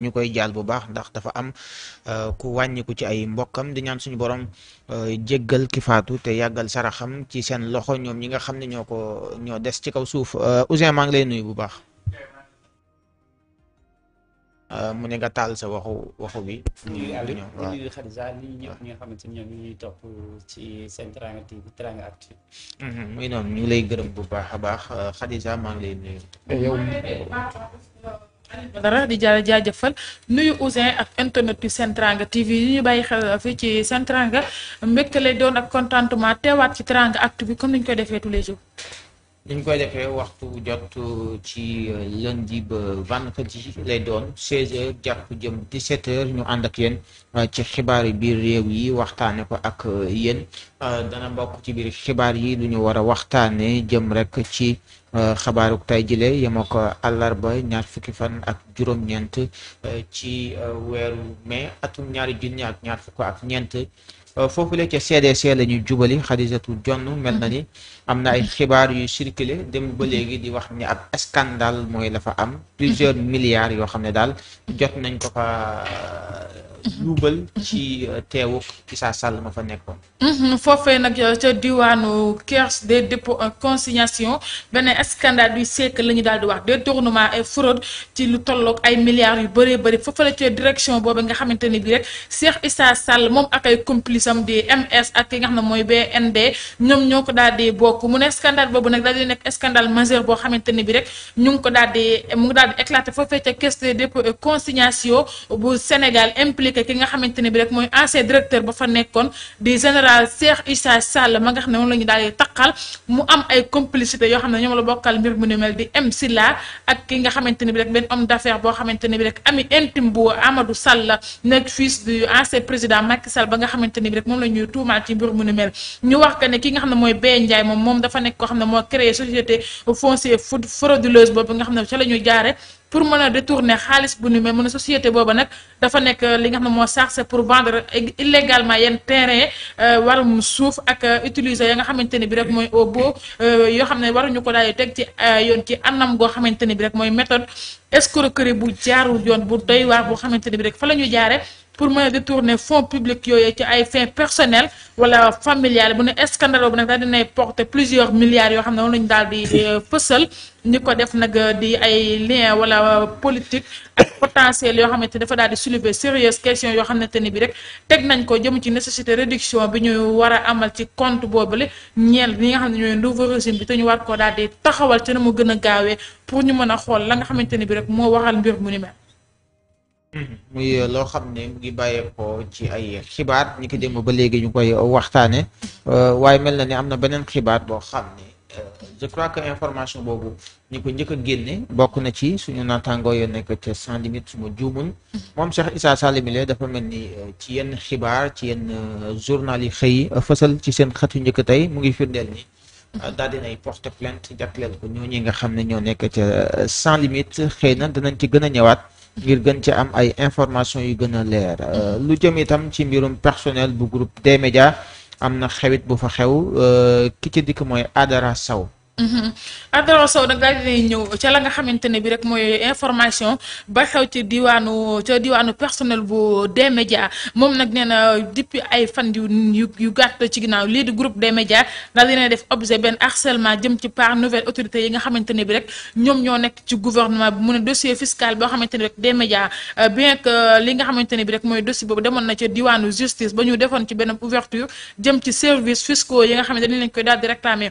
ñu koy jaal bu baax ndax dafa am euh, ku wàññiku ci ay mbokkam di ñaan suñu borom euh, jéggal ki faatu te yàggal saraxam ci seen loxo ñoom ñi nga xam ne ñoo ko ñoo des ci kaw suuf euh, Ouzin maa ngi lay nuyu bu baax mu ne nga taal sa waxu waxu bi. nuyu àll bi nuyu Xadija nuyu ñëpp ñi nga xamante ni ñoom ñu ngi mm-hmm, noonu ñu ngi lay gërëm bu baax a baax Xadija maa ngi lay nuyu. Alioune Badara di jàll jaajëfal nuyu Ousin ak internet yu Sen Teranga TV yi ñu bàyyi xel fii ci Sen Teranga mbégte lay doon ak contentement teewaat ci Teranga actu bi comme ni ñu koy defee tous les jours. liñ koy defee waxtu jot euh, ci euh, lundi ba vendredi lay doon 16h jàpp jëm 17h ñu ànd ak yéen euh, ci xibaar yi biir réew yi waxtaane ko ak yéen dana mbokk ci biir xibaar yi lu ñu war a waxtaane jëm rek ci xabaaruk tay jile yemoo ko àllarba ñaar fukki fan ak juróom-ñeent ci weeru mais atum ñaari junni ak ñaar fukk ak ñeent foofu foofule ca CDC la ñuy jubali Xadijatu jonnu mel na ni am na ay xibaar yu circulé dem ba léegi di wax ni ab scandale mooy la fa am plusieurs milliards yoo xam ne daal jot nañ ko fa yuubal ci euh, teewuk Issa Sall ma fa nekkoon mhm, foofee nag euh, ca diwaanu Caisse des dépôts et consignations benn scandale du siècle la ñu daal di wax détournement et fraude ci lu tolloog ay milliards yu bëree bëri foofa la ca direction boobu nga xamante ni bi rek Cheikh Issa Sall moom ak ay complice am di MS ak ki nga xam ne mooy BND ñoom ñoo ko daal di bokk mu ne scandale boobu nag daal di nekk scandale majeur boo xamante ni bi rek ñu ngi ko daal di mu ngi daal di éclaté foofee ca Caisse des dépôts impliqué ki nga xamante ne bi rek mooy ancien directeur ba fa nekkoon di général Cheikh Issa Sall ma nga xam ne moom la daal di taqal mu am ay complicité yoo xam ne ñoom la bokkal M Silla ak ki nga xamante ne bi rek benn homme d'affaires boo xamante ne moom ni mel ñu wax que ne moom dafa nekk koo xam ne moo créé société foncière frauduleuse boobu nga xam ne ca la jaare pour mën a détourner xaalis bu ni mel mën a société booba nag dafa nekk euh, li nga xam ne moo chargé pour vendre illégalement yenn terrain euh, warum suuf ak euh, utiliser ya nga xamante ne bi rek mooy au beau yoo xam ne waruñu ko daal di teg ci yoon ci anam goo xamante ne bi rek mooy méthode escroquerie bu jaarul yoon bu doy waa boo xamante ne bi rek fa la ñu jaare pour mën a détourner fonds publics yooyu ci ay fins personnelles wala familial bu ne bu boobu nag daal dinay porter plusieurs milliards yoo xam ne moom lañu daal di euh, fësal ñi ko def nag euh, di ay lien wala politique ak potentiel yoo xamante dafa daal di soulever sérieuse question yoo xamante ni bi rek teg nañ ko jëm ci nécessité réduction bi ñu war a amal ci compte boobule ñeen ñi nga xam ne ñooy nouveau régime bi te ñu war koo daal di taxawal ci na mu gën a gaawee pour ñu mën a xool la nga xamante ni bi rek moo waral mbir mu ni Mm-hmm. muy loo xam ne mu ngi bàyyeekoo ci ay xibaar ñi ko démb ba léegi ñu koy waxtaane euh, waaye mel na ni am na beneen xibaar boo xam ne euh, je crois que information boobu ñi ko njëkk a génne bokk na ci suñu naataangoo yoon nekk ca sans limite suma juumul mm-hmm. moom Cheikh Issa Sall mi dafa mel ni euh, ci yenn xibaar ci yenn journal yi xëy fësal ci seen xatu njëkk tey mu ngi firndeel ni daal dinay porte plainte jagleel ko ñoo ñi nga xam ne ñoo nekk ca sans limite xëy na dinañ ci gën a ñëwaat ngir gën ci am ay information yu gën a leer euh, mhm. lu jëm itam ci mbirum personnel bu group d média am na xewit bu fa xew euh, ki ci dikk mooy Adara Sow Mm-hmm. Adama Sow nag daal di ñëw ca la nga xamante ne bi rek mooy information ba xew ci diwaanu ca diwaanu personnel bu D-Media moom nag nee na depuis ay fan yu yu gàtt ci ginnaaw lii di groupe D-Media daal dina def objet benn harcèlement jëm ci par nouvelle autorité yi nga xamante ne bi rek ñoom ñoo nekk ci gouvernement bi mu ne dossier fiscal boo xamante ne rek D-Media euh, bien que li nga xamante ne bi rek mooy dossier boobu demoon na ca diwaanu justice ba ñu defoon ci benn ouverture jëm ci service fiscaux yi nga xamante ne dañ koy daal di réclamer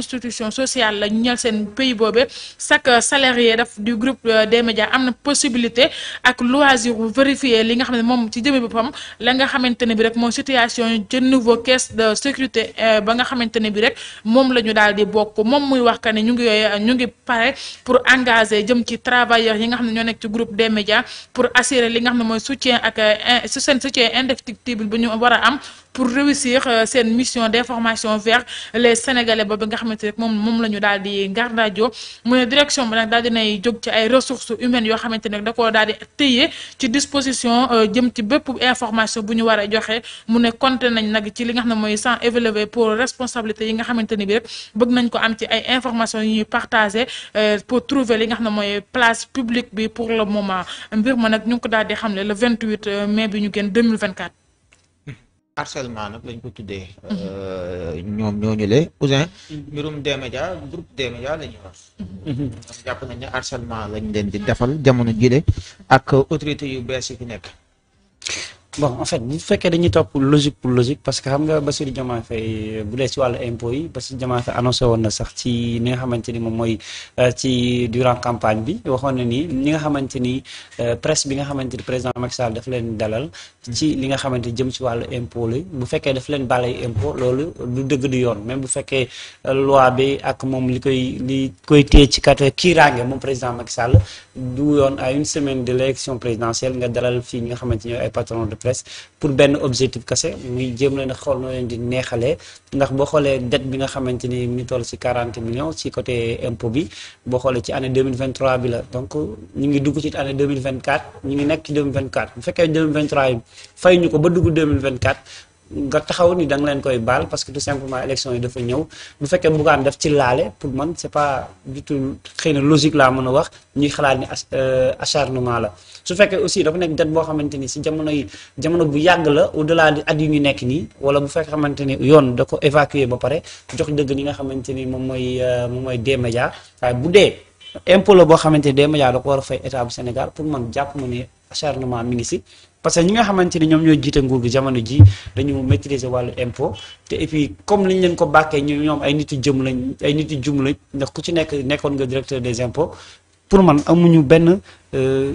institution sociale la ñu ñal seen pays boobee chaque salarié daf du groupe euh, des médias am na possibilité ak loisir vérifier li nga xam ne moom ci jëme boppam la nga xamante ne bi rek mooy situation de nouveau caisse de sécurité euh, ba nga xamante ne bi rek moom lañu ñu daal di bokk moom muy wax que ne ñu ngi euh, ñu ngi pare pour engager jëm ci travailleurs yi nga xam ne ñoo nekk ci groupe des médias pour assurer li nga xam ne mooy soutien ak seen soutien indéfectible bu ñu war am pour réussir seen mission d'information vers les Sénégalais boobu xamante rek moom moom la ñu daal di gardajo mu ne direction bi nag daal dinay jóg ci ay ressources humaines yoo xamante ne da koo daal di téye ci disposition euh, jëm ci bépp information bu ñu war joxe mu ne compté nañ nag ci li nga xam ne mooy sans élevé pour responsabilité yi nga xamante ni bi rek bëgg nañ ko am ci ay information yi ñuy partagé euh, pour trouver li nga xam ne mooy place publique bi pour le moment mbir ma nag ñu ngi ko daal di xamle le 28 euh, mai bi ñu génn harcèlement nag lañ ko tuddee mhm. euh, ñoom ñooñu le Ousin mhm. mbirum D-Media groupe D-Media la ñuy wax mhm. jàpp nañ ne harcèlement lañ leen di defal jamono jile ak autorité yu bees yi fi nekk bon en fait bu fekkee dañuy topp logique pour logique parce que xam nga Bassirou Diomaye Faye bu dee ci wàllu impôt yi Bassirou Diomaye Faye annoncé woon na sax ci ni nga xamante ni moom mooy euh, ci durant campagne bi waxoon na ni ñi nga xamante ni euh, presse bi nga xamante ni président Macky Sall daf leen dalal ci li nga xamante ni jëm ci wàllu impôt la bu fekkee daf leen bàlay impôt loolu du dëgg du yoon même bu fekkee euh, loi bi ak moom li koy li koy téye ci kat kiiraange moom président Macky Sall du yoon a une semaine de l'élection présidentielle nga dalal fii ñi nga xamante ni ay patron de presse pour benn objectif kese muy jéem leen a xool noo leen di neexalee ndax boo xoolee dette bi nga xamante ni mi toll si 40 millions si côté impôt bi boo xoolee ci année 2023 bi la donc ñu ngi dugg ci année 2024 ñu ngi nekk ci 2024 bu fekkee 2023 yi fay ñu ko ba dugg 2024 nga taxaw ni da nga leen koy baal parce que tout simplement élection yi dafa ñëw bu fekkee Bougane def ci laale pour man c'est pas du tout xëy na logique laa mën a wax ñuy xalaat ni euh, acharnement la su fekkee aussi dafa nekk date boo xamante ni si jamono yi jamono bu yàgg la au delà di at yu nekk nii wala bu fekkee xamante ni yoon da ko évacuer ba pare jox dëgg li nga xamante ni moom mooy euh, moom mooy D-Média waaye bu dee impôt la boo xamante ni D-Média ko war a fay état bu Sénégal pour man jàpp ma ne acharnement mi ngi si parce que ñi nga xamante ni ñoom ñoo jiite nguur gi jamono ji dañu maîtriser wàllu impôt te et puis comme liñ leen ko bàkkee ñu ñoom ay nit yu jëm lañ ay nit yu ndax ku ci nekk nekkoon nga directeur des impôts pour man amuñu benn euh,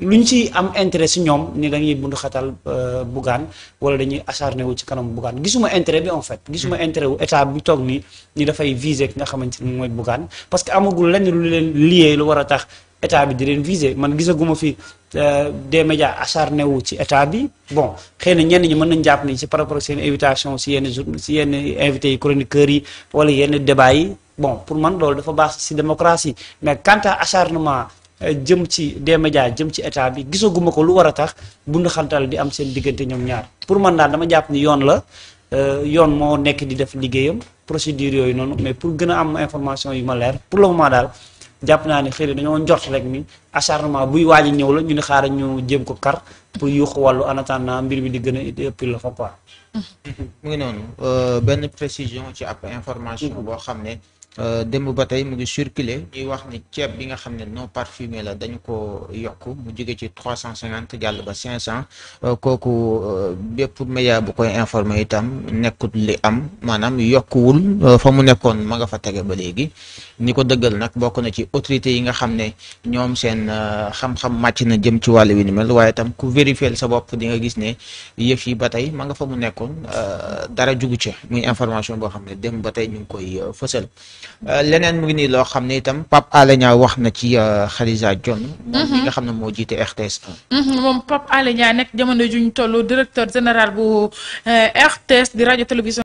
lu ñu ci am intérêt si ñoom ni dañuy bundu xatal euh, Bougane wala dañuy acharné wu ci kanam Bougane gisuma intérêt bi en fait gisuma hmm. intérêt wu état bi toog nii ni dafay viser ki nga xamante ni mooy Bougane parce que amagul le lu leen lié lu war a tax état bi di leen viser man gisaguma fi Euh, des médias acharné wu ci état bi bon xëy na ñenn ñi mën nañ jàpp ni ci par rapport seen invitation si yenn jour si yenn invités yi chroniqueurs yi wala yenn débat yi bon pour man dool dafa baax si démocratie mais quant à acharnement euh, jëm ci des médias jëm ci état bi gisaguma ko lu war a tax bundu xantal di am seen diggante ñoom ñaar pour man daal dama jàpp ni yoon la euh, yoon moo nekk di def liggéeyam procédure yooyu noonu mais pour gën a am information yu ma leer pour le moment daal jàpp naa ne xëy dañoo njort rek ni acharnement buy waaj a ñëw la ñu ni xaaral ñu jëm ko kar pour yuuxu wàllu en attendant mbir mi di gën a ëpp loxo quoi. mu ngi noonu euh, benn précision ci ak information mm-hmm. boo xam ne. Euh, démb ba tey mu ngi circuler ñuy wax ni ceeb bi nga xam ne non parfumé la dañu ko yokk mu jóge ci trois cent cinquante jàll ba cinq cent euh, kooku euh, bépp média bu koy informé itam nekkut li am maanaam yokkuwul fa mu nekkoon ma nga fa tege ba léegi ni ko dëggal nag bokk na ci autorité yi nga xam ne ñoom seen xam-xam màcc na jëm ci wàllu wi ni mel waaye tam ku vérifier sa bopp di nga gis ne yëf yi ba tey ma nga fa mu nekkoon dara jugu ci muy information boo xam ne démb ba tey ñu ngi koy fësal Euh, leneen mu ngi nii loo xam ne itam Pape Alé Niang wax na ci euh, Khadija Dione. Mhm. moom li nga xam ne moo jiite RTS 1. Mhm, moom Pape Alé Niang nekk jamono juñ toll directeur général bu euh, RTS di rajo télévision.